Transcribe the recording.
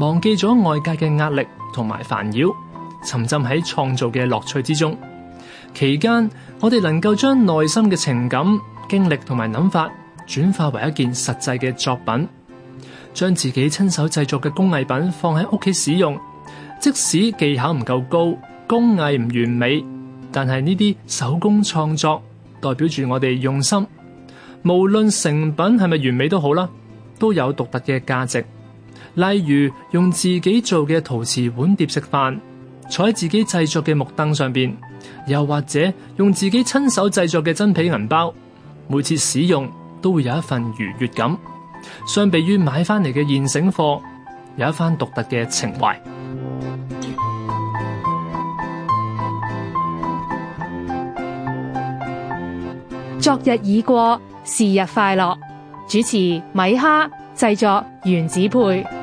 忘記咗外界嘅壓力同埋煩擾，沉浸喺創造嘅樂趣之中。期間，我哋能夠將內心嘅情感、經歷同埋諗法轉化為一件實際嘅作品，將自己親手製作嘅工藝品放喺屋企使用。即使技巧唔夠高，工藝唔完美，但係呢啲手工創作代表住我哋用心。無論成品係咪完美都好啦，都有獨特嘅價值。例如用自己做嘅陶瓷碗碟食飯，坐喺自己製作嘅木凳上邊，又或者用自己親手製作嘅真皮銀包，每次使用都會有一份愉悦感。相比於買翻嚟嘅現成貨，有一番獨特嘅情懷。昨日已過，是日快樂。主持米哈，製作原子配。